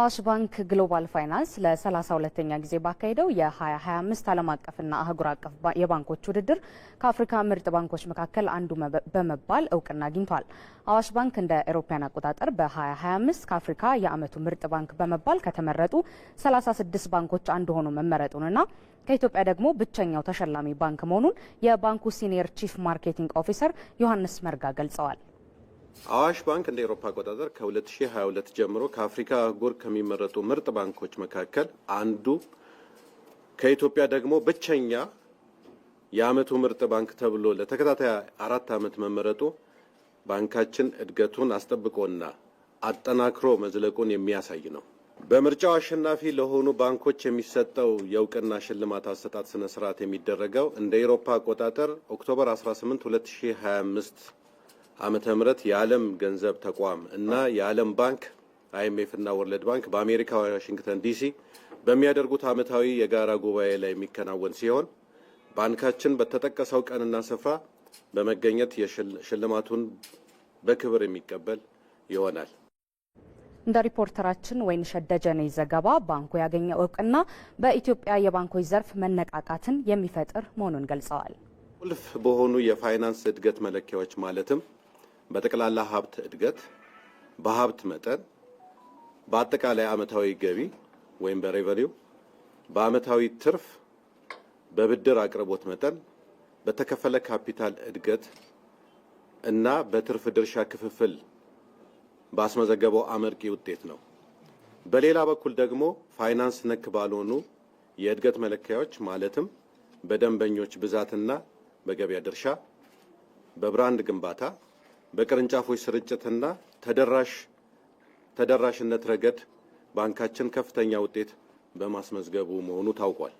አዋሽ ባንክ ግሎባል ፋይናንስ ለ32ኛ ጊዜ ባካሄደው የ2025 ዓለም አቀፍና አህጉር አቀፍ የባንኮች ውድድር ከአፍሪካ ምርጥ ባንኮች መካከል አንዱ በመባል እውቅና አግኝቷል። አዋሽ ባንክ እንደ ኤሮፓያን አቆጣጠር በ2025 ከአፍሪካ የአመቱ ምርጥ ባንክ በመባል ከተመረጡ 36 ባንኮች አንዱ ሆኖ መመረጡንና ከኢትዮጵያ ደግሞ ብቸኛው ተሸላሚ ባንክ መሆኑን የባንኩ ሲኒየር ቺፍ ማርኬቲንግ ኦፊሰር ዮሐንስ መርጋ ገልጸዋል። አዋሽ ባንክ እንደ ኤሮፓ አቆጣጠር ከ2022 ጀምሮ ከአፍሪካ አህጉር ከሚመረጡ ምርጥ ባንኮች መካከል አንዱ ከኢትዮጵያ ደግሞ ብቸኛ የአመቱ ምርጥ ባንክ ተብሎ ለተከታታይ አራት ዓመት መመረጡ ባንካችን እድገቱን አስጠብቆና አጠናክሮ መዝለቁን የሚያሳይ ነው። በምርጫው አሸናፊ ለሆኑ ባንኮች የሚሰጠው የእውቅና ሽልማት አሰጣጥ ስነ ስርዓት የሚደረገው እንደ ኤሮፓ አቆጣጠር ኦክቶበር 18 2025 ዓመተ ምህረት የዓለም ገንዘብ ተቋም እና የዓለም ባንክ አይኤምኤፍ እና ወርልድ ባንክ በአሜሪካ ዋሽንግተን ዲሲ በሚያደርጉት ዓመታዊ የጋራ ጉባኤ ላይ የሚከናወን ሲሆን ባንካችን በተጠቀሰው ቀንና ስፍራ በመገኘት ሽልማቱን በክብር የሚቀበል ይሆናል። እንደ ሪፖርተራችን ወይንሸት ደጀኔ ዘገባ ባንኩ ያገኘው እውቅና በኢትዮጵያ የባንኮች ዘርፍ መነቃቃትን የሚፈጥር መሆኑን ገልጸዋል። ቁልፍ በሆኑ የፋይናንስ እድገት መለኪያዎች ማለትም በጠቅላላ ሀብት እድገት፣ በሀብት መጠን፣ በአጠቃላይ አመታዊ ገቢ ወይም በሬቨኒው፣ በአመታዊ ትርፍ፣ በብድር አቅርቦት መጠን፣ በተከፈለ ካፒታል እድገት እና በትርፍ ድርሻ ክፍፍል ባስመዘገበው አመርቂ ውጤት ነው። በሌላ በኩል ደግሞ ፋይናንስ ነክ ባልሆኑ የእድገት መለኪያዎች ማለትም በደንበኞች ብዛትና በገበያ ድርሻ፣ በብራንድ ግንባታ በቅርንጫፎች ስርጭትና ተደራሽ ተደራሽነት ረገድ ባንካችን ከፍተኛ ውጤት በማስመዝገቡ መሆኑ ታውቋል።